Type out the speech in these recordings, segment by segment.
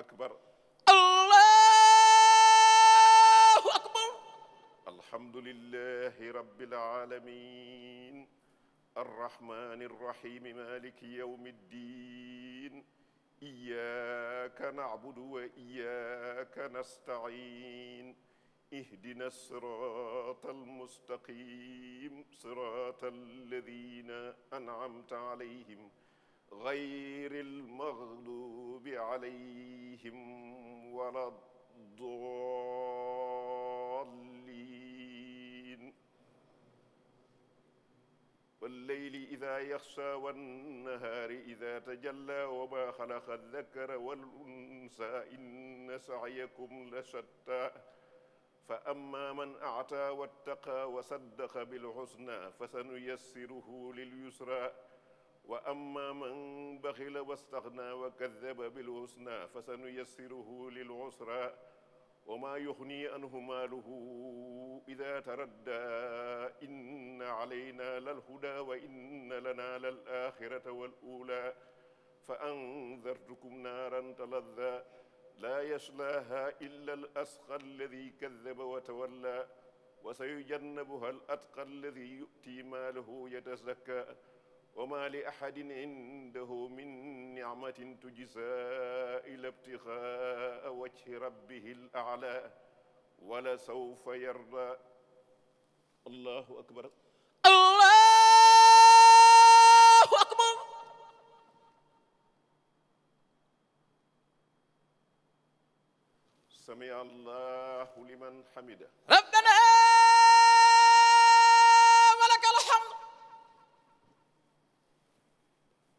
akbar allahu akbar alhamdulillahi rabbil alamin arrahmani rrahimi maliki yawmi ddin iyyaka na'budu wa iyyaka nasta'in اهدنا الصراط المستقيم صراط الذين أنعمت عليهم غير المغضوب عليهم ولا الضالين والليل إذا يخشى والنهار إذا تجلى وما خلق الذكر والأنثى إن سعيكم لشتى فأما من أعتى واتقى وصدق بالحسنى فسنيسره لليسرى wa amma man baxila wastaxna wa kadaba bilhusna fa sa nuyassiruhu lilusra wa maa yuxni anhu maaluhu ida taradda inna alayna lalhuda wa inna lana lalaxirata walula fa andartukum naaran taladda laa yaslaaha illa alasqa alladi kadaba wa tawalla wa sayujannabuha alatqa alladi yu'ti maalahu yatazakka wa ma li ahadin indahu min nicmatin tujzaa illa ibtixaa wajhi rabbihi l aclaa wala sawfa yarda allahu akbar allahu akbar samia allahu liman hamida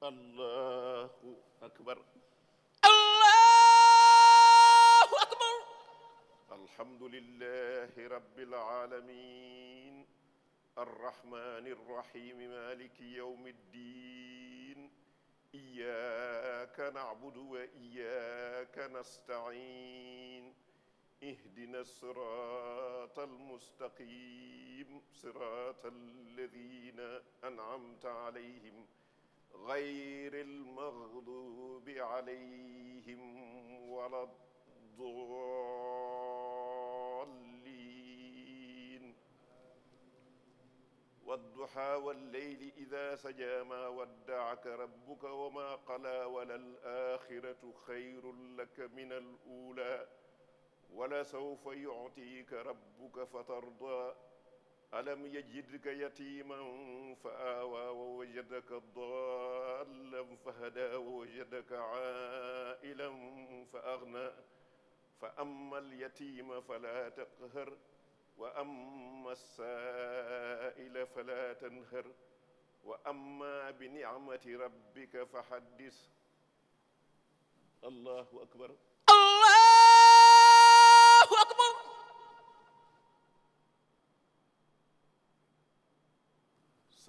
allahu akbar allahu akbar alhamdulillahi rabbil alamin arrahmani rrahim maliki yawmi ddin iyyaka na'budu wa iyyaka nasta'in اهدنا الصراط المستقيم صراط الذين أنعمت عليهم غير المغضوب عليهم ولا الضالين والضحى والليل إذا سجى ما ودعك ربك وما قلى وللآخرة خير لك من الأولى ولسوف يعطيك ربك فترضى alam yajidka yatiman fa aawaa wa wajadaka dallan fa hadaa wa wajadaka ailan fa aghnaa fa amma alyatima fala taqhar wa amma asaaila fala tanhar wa amma bi ni'mati rabbika fa haddis allahu akbar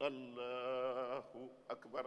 allahu akbar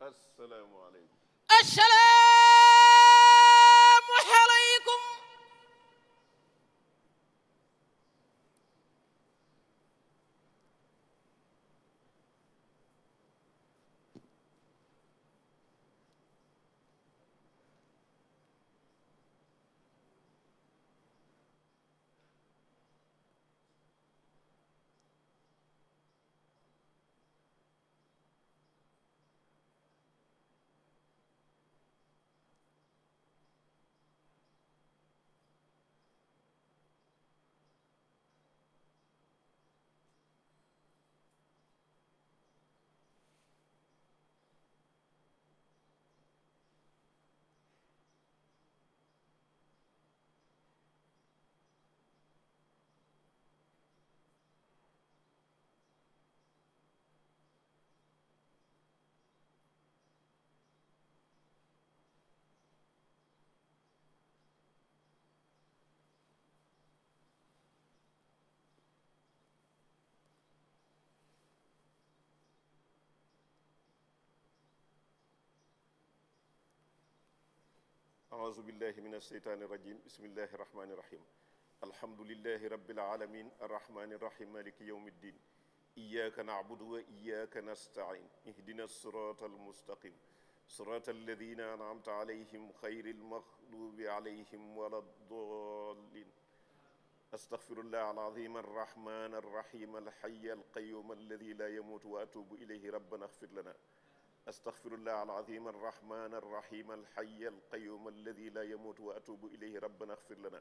asalaamaaleykum. asalaam. أعوذ بالله من الشيطان الرجيم بسم الله الرحمن الرحيم الحمد لله رب العالمين الرحمن الرحيم مالك يوم الدين إياك نعبد وإياك نستعين اهدنا الصراط المستقيم صراط الذين أنعمت عليهم خير المغلوب عليهم ولا الضالين أستغفر الله العظيم الرحمن الرحيم الحي القيوم الذي لا يموت وأتوب إليه ربنا اغفر لنا astaghfirullah alazim arrahman arrahim alhayy alqayum alladi la yamuutu wa atubu ilayhi rabbana ighfir lana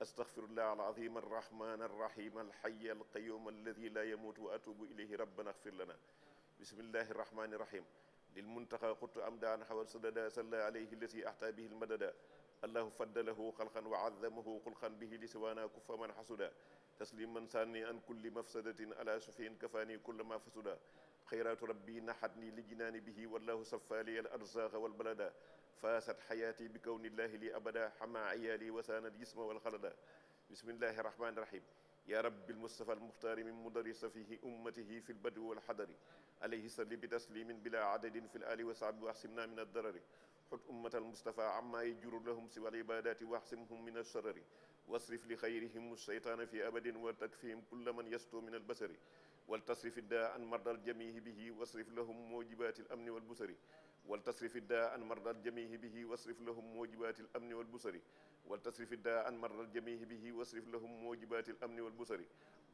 astaghfirullah alazim arrahman arrahim alhayy alqayum alladi la yamuutu wa atubu ilayhi rabbana ighfir lana bismillahi arrahmani irrahim للمنتقى قلت أمدان حول سددا سلى عليه الذي أحتى به المددا الله فدله خلقا وعظمه خلقا به لسوانا كف من حسدا تسليما ساني عن كل مفسدة على شفين كفاني كل ما فسدا xayraatu rabbi naxat nii li jinaani bihi wallahu safaali al arzaqa walbalada faasat xayaati bi kawnillahi li abada xama ayaali wasaanat jisma walxalada bismillahi rahmaani rahim yaa rabbi almustafa almuxtaari min mudari safihi ummatihi fi lbadwi walxadari alayhi salli bi taslimin bila adadin fi l ali wa saabi waxsimna min addarari xut ummata almustafa amma yajuru lahum siwa alibadati waxsimhum min alsharari wasrif li xayrihim seytaana fi abadin wa takfihim kulla man yastu min albasari wal tasrif iddaa an mardal jamihi bihi wasrif lahum mujibaati al amni wal busari والتصرف الداء عن مرضى الجميع به واصرف لهم موجبات الأمن والبصر والتصرف الداء عن مرضى الجميع به واصرف لهم موجبات الأمن والبصر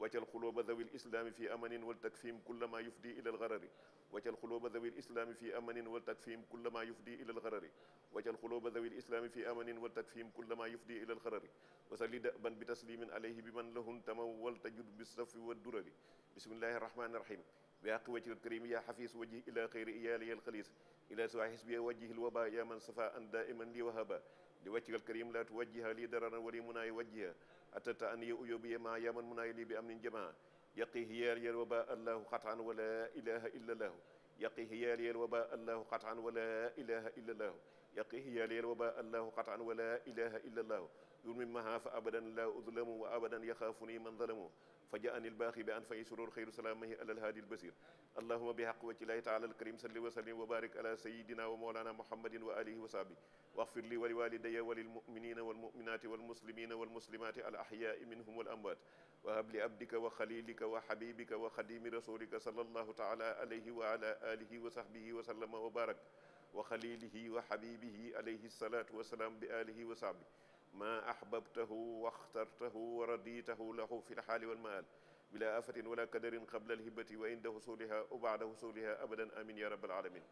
وجل قلوب ذوي الإسلام في أمن والتكفيم كل ما يفدي إلى الغرر وجل قلوب ذوي الإسلام في أمن والتكفيم كل ما يفدي إلى الغرر وجل قلوب ذوي الإسلام في أمن والتكفيم كل ما يفدي إلى الغرر وسل دأبا بتسليم عليه بمن له انتمى ولتجد بالصف والدرر بسم الله الرحمن الرحيم بحق وجه الكريم يا حفيظ وجهي إلى خير إيالي الخليص ila suwa hisbiya wajjihil waba ya man safa an daiman li wahaba li wajhikal karim la tuwajjiha li dararan wali munayi wajjiha atata an ya uyubiya ma ya man munayi li bi amnin jamaa yaqihi yar yar waba allahu qatan wala ilaha illa lahu yaqihi yaa liyal wabaa allahu qataan wala ilaha illa allahu yaqihi yaa liyal wabaa allahu qataan wala ilaha illa allahu yurmin maha fa abadan laa udlamu wa abadan yaxaafuni man zalamu fa jaani albaaxi bi an fay surur xayru salaamahi ala alhaadi albasir allahuma bi xaq wa ci laahi taala alkarim salli wa sallim wa barik ala sayidina wa mawlana muhammadin wa alihi wa sahbi waxfir li wa liwalidaya wa lilmuminina walmuminati walmuslimina walmuslimati al ahyaai minhum wal amwaat wa habli abdika wa xalilika wa xabibika wa xadimi rasulika sallallahu taala alayhi wa ala alihi wa sahbihi wa sallama wa barak wa xalilihi wa xabibihi alayhi salaatu wa salaam bi alihi wa sahbi ma ahbabtahu wa axtartahu wa raditahu lahu fi lxaali walmaal bila afatin wala kadarin qabla alhibati wa inda husuliha wa bada husuliha abadan amin ya rabbal alamin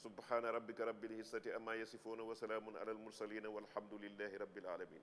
subhana rabbika rabbil izzati amma yasifuuna wa salaamun ala almursalina walhamdulillahi rabbil alamin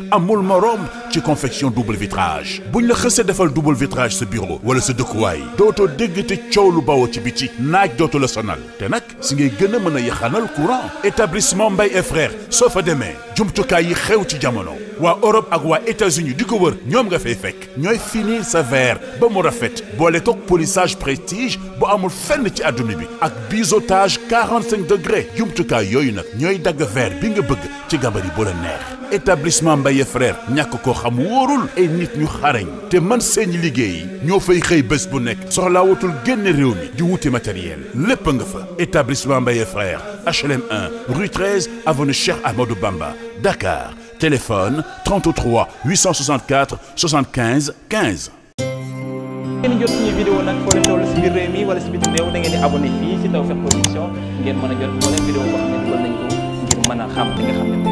amul morom ci confection double vitrage buñ la xësee defal double vitrage sa bureau wala sa dëkkuwaay dootoo dégg te coow lu bawoo ci biti naaj dootu la sonal te nag si ngay gën a mën a yaxanal courant établissement Mbaye et frères soo fa demee jumtukaay yi xew ci jamono waa Europe ak waa états di ko wër ñoom nga fay fekk ñooy finir sa verre ba mu rafet boole kook polissage prestige bu amul fenn ci adduna bi ak biseautage 45 degrés jumtukaay yooyu nag ñooy dagg verre bi nga bëgg ci gabari bu la neex établissement Mbaye frère ñàkk ko xam wóorul ay nit ñu xarañ te man seen liggéey ñoo fay xëy bés bu nekk soxlaa wutul génn réew mi di wuti matériel lépp nga fa établissement Mbaye frère HLM 1 rue 13 avenue Cheikh Amadou Bamba Dakar téléphone 33 864 75 15. ngeen jot suñu vidéo nag foo leen toll si biir réew mi wala si biti réew da ngeen di abonné fii si Tawfekh Production ngeen mën a jot moo leen vidéo boo xam ne dugal nañ ko a xam li nga xam